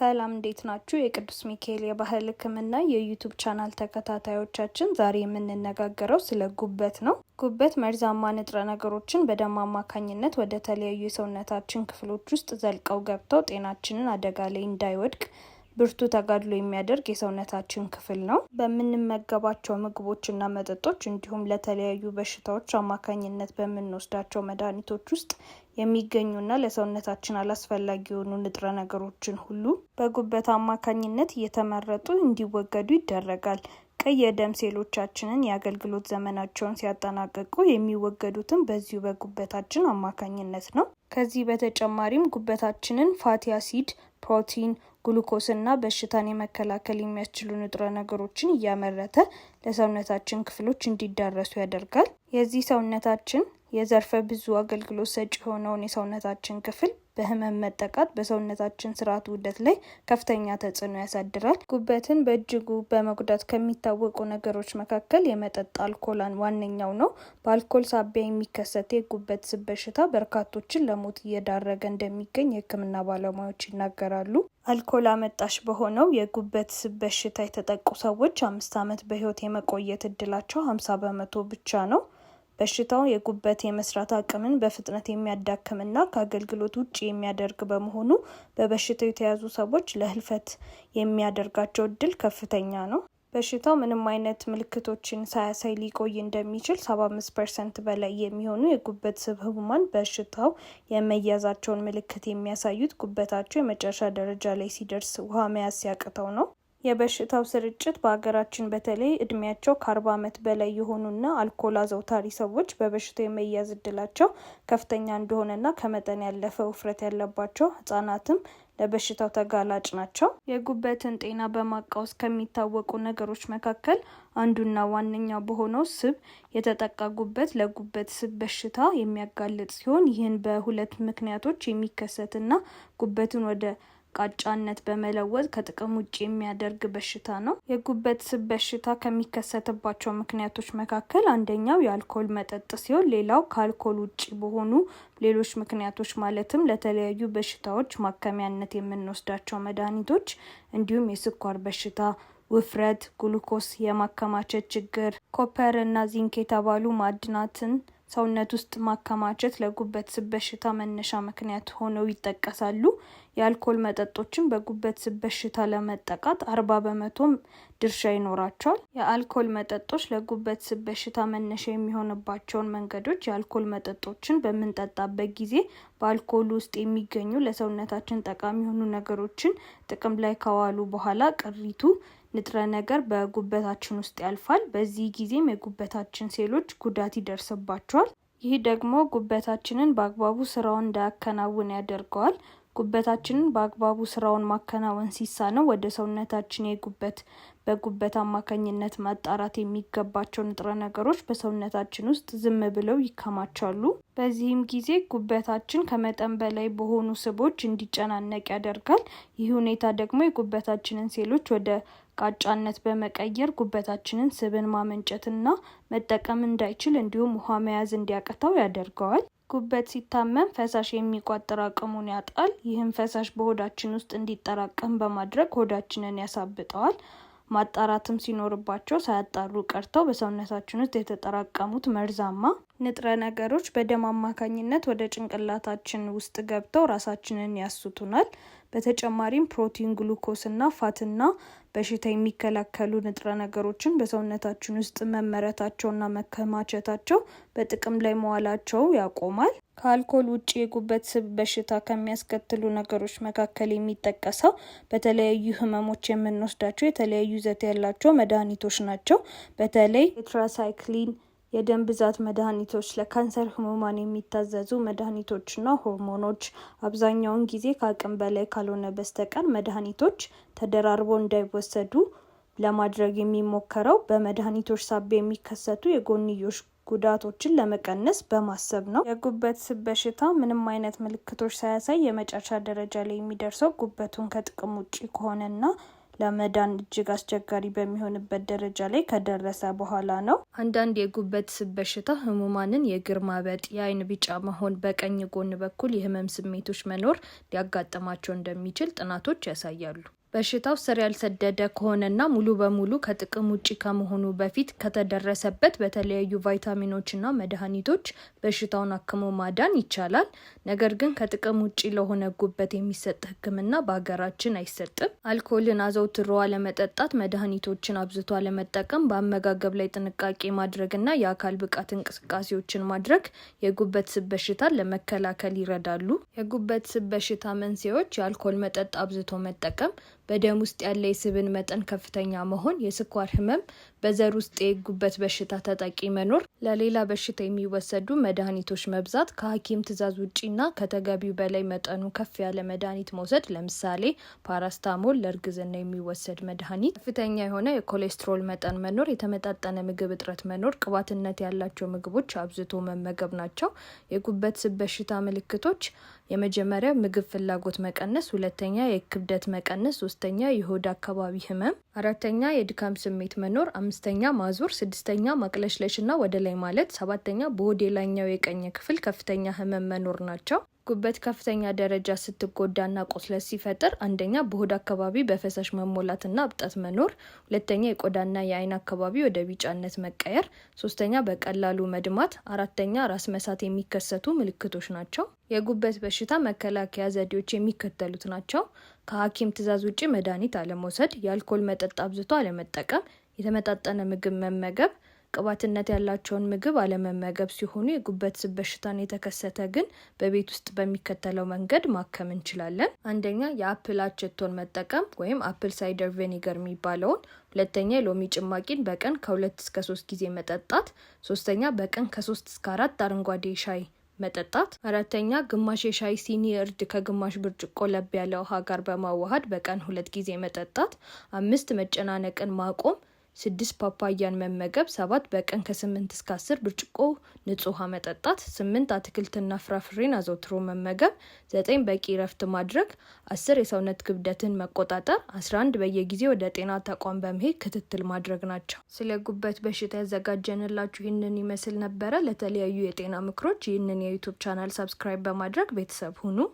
ሰላም እንዴት ናችሁ? የቅዱስ ሚካኤል የባህል ሕክምና የዩቱብ ቻናል ተከታታዮቻችን፣ ዛሬ የምንነጋገረው ስለ ጉበት ነው። ጉበት መርዛማ ንጥረ ነገሮችን በደም አማካኝነት ወደ ተለያዩ የሰውነታችን ክፍሎች ውስጥ ዘልቀው ገብተው ጤናችንን አደጋ ላይ እንዳይወድቅ ብርቱ ተጋድሎ የሚያደርግ የሰውነታችን ክፍል ነው። በምንመገባቸው ምግቦችና መጠጦች እንዲሁም ለተለያዩ በሽታዎች አማካኝነት በምንወስዳቸው መድኃኒቶች ውስጥ የሚገኙና ለሰውነታችን አላስፈላጊ የሆኑ ንጥረ ነገሮችን ሁሉ በጉበት አማካኝነት እየተመረጡ እንዲወገዱ ይደረጋል። ቀይ የደም ሴሎቻችንን የአገልግሎት ዘመናቸውን ሲያጠናቀቁ የሚወገዱትም በዚሁ በጉበታችን አማካኝነት ነው። ከዚህ በተጨማሪም ጉበታችንን ፋቲ አሲድ፣ ፕሮቲን ግሉኮስና በሽታን የመከላከል የሚያስችሉ ንጥረ ነገሮችን እያመረተ ለሰውነታችን ክፍሎች እንዲዳረሱ ያደርጋል። የዚህ ሰውነታችን የዘርፈ ብዙ አገልግሎት ሰጪ የሆነውን የሰውነታችን ክፍል በህመም መጠቃት በሰውነታችን ስርዓት ውደት ላይ ከፍተኛ ተጽዕኖ ያሳድራል። ጉበትን በእጅጉ በመጉዳት ከሚታወቁ ነገሮች መካከል የመጠጥ አልኮላን ዋነኛው ነው። በአልኮል ሳቢያ የሚከሰት የጉበት ስብ በሽታ በርካቶችን ለሞት እየዳረገ እንደሚገኝ የህክምና ባለሙያዎች ይናገራሉ። አልኮል አመጣሽ በሆነው የጉበት ስብ በሽታ የተጠቁ ሰዎች አምስት ዓመት በህይወት የመቆየት እድላቸው ሀምሳ በመቶ ብቻ ነው። በሽታው የጉበት የመስራት አቅምን በፍጥነት የሚያዳክምና ከአገልግሎት ውጭ የሚያደርግ በመሆኑ በበሽታው የተያዙ ሰዎች ለህልፈት የሚያደርጋቸው እድል ከፍተኛ ነው። በሽታው ምንም አይነት ምልክቶችን ሳያሳይ ሊቆይ እንደሚችል ሰባ ፐርሰንት በላይ የሚሆኑ የጉበት ስብ ህሙማን በሽታው የመያዛቸውን ምልክት የሚያሳዩት ጉበታቸው የመጨረሻ ደረጃ ላይ ሲደርስ ውሃ መያዝ ሲያቅተው ነው። የበሽታው ስርጭት በሀገራችን በተለይ እድሜያቸው ከአርባ ዓመት በላይ የሆኑና አልኮል አዘውታሪ ሰዎች በበሽታው የመያዝ እድላቸው ከፍተኛ እንደሆነና ከመጠን ያለፈ ውፍረት ያለባቸው ህጻናትም ለበሽታው ተጋላጭ ናቸው። የጉበትን ጤና በማቃወስ ከሚታወቁ ነገሮች መካከል አንዱና ዋነኛ በሆነው ስብ የተጠቃ ጉበት ለጉበት ስብ በሽታ የሚያጋልጥ ሲሆን ይህን በሁለት ምክንያቶች የሚከሰትና ጉበትን ወደ ቃጫነት በመለወጥ ከጥቅም ውጭ የሚያደርግ በሽታ ነው። የጉበት ስብ በሽታ ከሚከሰትባቸው ምክንያቶች መካከል አንደኛው የአልኮል መጠጥ ሲሆን ሌላው ከአልኮል ውጭ በሆኑ ሌሎች ምክንያቶች ማለትም ለተለያዩ በሽታዎች ማከሚያነት የምንወስዳቸው መድኃኒቶች እንዲሁም የስኳር በሽታ ውፍረት፣ ግሉኮስ የማከማቸት ችግር፣ ኮፐር እና ዚንክ የተባሉ ማዕድናትን ሰውነት ውስጥ ማከማቸት ለጉበት ስብ በሽታ መነሻ ምክንያት ሆነው ይጠቀሳሉ። የአልኮል መጠጦችን በጉበት በሽታ ለመጠቃት አርባ በመቶ ድርሻ ይኖራቸዋል። የአልኮል መጠጦች ለጉበት ስብ በሽታ መነሻ የሚሆንባቸውን መንገዶች የአልኮል መጠጦችን በምንጠጣበት ጊዜ በአልኮሉ ውስጥ የሚገኙ ለሰውነታችን ጠቃሚ የሆኑ ነገሮችን ጥቅም ላይ ከዋሉ በኋላ ቅሪቱ ንጥረ ነገር በጉበታችን ውስጥ ያልፋል። በዚህ ጊዜም የጉበታችን ሴሎች ጉዳት ይደርስባቸዋል። ይህ ደግሞ ጉበታችንን በአግባቡ ስራውን እንዳያከናውን ያደርገዋል። ጉበታችንን በአግባቡ ስራውን ማከናወን ሲሳነው ወደ ሰውነታችን የጉበት በጉበት አማካኝነት ማጣራት የሚገባቸው ንጥረ ነገሮች በሰውነታችን ውስጥ ዝም ብለው ይከማቻሉ። በዚህም ጊዜ ጉበታችን ከመጠን በላይ በሆኑ ስቦች እንዲጨናነቅ ያደርጋል። ይህ ሁኔታ ደግሞ የጉበታችንን ሴሎች ወደ ቃጫነት በመቀየር ጉበታችንን ስብን ማመንጨትና መጠቀም እንዳይችል እንዲሁም ውሃ መያዝ እንዲያቅተው ያደርገዋል። ጉበት ሲታመም ፈሳሽ የሚቋጥር አቅሙን ያጣል። ይህም ፈሳሽ በሆዳችን ውስጥ እንዲጠራቀም በማድረግ ሆዳችንን ያሳብጠዋል። ማጣራትም ሲኖርባቸው ሳያጣሩ ቀርተው በሰውነታችን ውስጥ የተጠራቀሙት መርዛማ ንጥረ ነገሮች በደም አማካኝነት ወደ ጭንቅላታችን ውስጥ ገብተው ራሳችንን ያስቱናል። በተጨማሪም ፕሮቲን፣ ግሉኮስና ፋትና በሽታ የሚከላከሉ ንጥረ ነገሮችን በሰውነታችን ውስጥ መመረታቸውና መከማቸታቸው በጥቅም ላይ መዋላቸው ያቆማል። ከአልኮል ውጭ የጉበት ስብ በሽታ ከሚያስከትሉ ነገሮች መካከል የሚጠቀሰው በተለያዩ ህመሞች የምንወስዳቸው የተለያዩ ይዘት ያላቸው መድኃኒቶች ናቸው። በተለይ ቴትራሳይክሊን የደም ብዛት መድኃኒቶች ለካንሰር ህሙማን የሚታዘዙ መድኃኒቶችና ሆርሞኖች አብዛኛውን ጊዜ ከአቅም በላይ ካልሆነ በስተቀር መድኃኒቶች ተደራርቦ እንዳይወሰዱ ለማድረግ የሚሞከረው በመድኃኒቶች ሳቢያ የሚከሰቱ የጎንዮሽ ጉዳቶችን ለመቀነስ በማሰብ ነው። የጉበት ስብ በሽታ ምንም አይነት ምልክቶች ሳያሳይ የመጨረሻ ደረጃ ላይ የሚደርሰው ጉበቱን ከጥቅም ውጭ ከሆነና ለመዳን እጅግ አስቸጋሪ በሚሆንበት ደረጃ ላይ ከደረሰ በኋላ ነው። አንዳንድ የጉበት ስብ በሽታ ህሙማንን የግር ማበጥ፣ የአይን ቢጫ መሆን፣ በቀኝ ጎን በኩል የህመም ስሜቶች መኖር ሊያጋጥማቸው እንደሚችል ጥናቶች ያሳያሉ። በሽታው ስር ያልሰደደ ከሆነና ሙሉ በሙሉ ከጥቅም ውጭ ከመሆኑ በፊት ከተደረሰበት በተለያዩ ቫይታሚኖችና መድኃኒቶች በሽታውን አክሞ ማዳን ይቻላል። ነገር ግን ከጥቅም ውጭ ለሆነ ጉበት የሚሰጥ ሕክምና በሀገራችን አይሰጥም። አልኮልን አዘውትሮ አለመጠጣት፣ መድኃኒቶችን አብዝቶ አለመጠቀም፣ በአመጋገብ ላይ ጥንቃቄ ማድረግና የአካል ብቃት እንቅስቃሴዎችን ማድረግ የጉበት ስብ በሽታን ለመከላከል ይረዳሉ። የጉበት ስብ በሽታ መንስኤዎች የአልኮል መጠጥ አብዝቶ መጠቀም በደም ውስጥ ያለ የስብን መጠን ከፍተኛ መሆን፣ የስኳር ህመም፣ በዘር ውስጥ የጉበት በሽታ ተጠቂ መኖር፣ ለሌላ በሽታ የሚወሰዱ መድኃኒቶች መብዛት፣ ከሐኪም ትዕዛዝ ውጪና ከተገቢው በላይ መጠኑ ከፍ ያለ መድኃኒት መውሰድ፣ ለምሳሌ ፓራስታሞል፣ ለእርግዝና የሚወሰድ መድኃኒት፣ ከፍተኛ የሆነ የኮሌስትሮል መጠን መኖር፣ የተመጣጠነ ምግብ እጥረት መኖር፣ ቅባትነት ያላቸው ምግቦች አብዝቶ መመገብ ናቸው። የጉበት ስብ በሽታ ምልክቶች የመጀመሪያ ምግብ ፍላጎት መቀነስ፣ ሁለተኛ የክብደት መቀነስ፣ ሶስተኛ የሆድ አካባቢ ህመም፣ አራተኛ የድካም ስሜት መኖር፣ አምስተኛ ማዞር፣ ስድስተኛ ማቅለሽለሽና ወደ ላይ ማለት፣ ሰባተኛ በሆድ የላይኛው የቀኝ ክፍል ከፍተኛ ህመም መኖር ናቸው። ጉበት ከፍተኛ ደረጃ ስትጎዳና ቁስለት ሲፈጥር፣ አንደኛ በሆድ አካባቢ በፈሳሽ መሞላትና እብጠት መኖር፣ ሁለተኛ የቆዳና የአይን አካባቢ ወደ ቢጫነት መቀየር፣ ሶስተኛ በቀላሉ መድማት፣ አራተኛ ራስ መሳት የሚከሰቱ ምልክቶች ናቸው። የጉበት በሽታ መከላከያ ዘዴዎች የሚከተሉት ናቸው። ከሐኪም ትዕዛዝ ውጪ መድኃኒት አለመውሰድ፣ የአልኮል መጠጥ አብዝቶ አለመጠቀም፣ የተመጣጠነ ምግብ መመገብ፣ ቅባትነት ያላቸውን ምግብ አለመመገብ ሲሆኑ የጉበት ስብ በሽታን የተከሰተ ግን በቤት ውስጥ በሚከተለው መንገድ ማከም እንችላለን። አንደኛ የአፕል አቸቶን መጠቀም ወይም አፕል ሳይደር ቬኒገር የሚባለውን። ሁለተኛ የሎሚ ጭማቂን በቀን ከሁለት እስከ ሶስት ጊዜ መጠጣት። ሶስተኛ በቀን ከሶስት እስከ አራት አረንጓዴ ሻይ መጠጣት። አራተኛ ግማሽ የሻይ ሲኒ እርድ ከግማሽ ብርጭቆ ለብ ያለ ውሃ ጋር በማዋሃድ በቀን ሁለት ጊዜ መጠጣት። አምስት መጨናነቅን ማቆም። ስድስት ፓፓያን መመገብ፣ ሰባት በቀን ከስምንት እስከ አስር ብርጭቆ ንጹህ ውሃ መጠጣት፣ ስምንት አትክልትና ፍራፍሬን አዘውትሮ መመገብ፣ ዘጠኝ በቂ እረፍት ማድረግ፣ አስር የሰውነት ክብደትን መቆጣጠር፣ አስራ አንድ በየጊዜ ወደ ጤና ተቋም በመሄድ ክትትል ማድረግ ናቸው። ስለ ጉበት በሽታ ያዘጋጀንላችሁ ይህንን ይመስል ነበረ። ለተለያዩ የጤና ምክሮች ይህንን የዩቱብ ቻናል ሰብስክራይብ በማድረግ ቤተሰብ ሁኑ።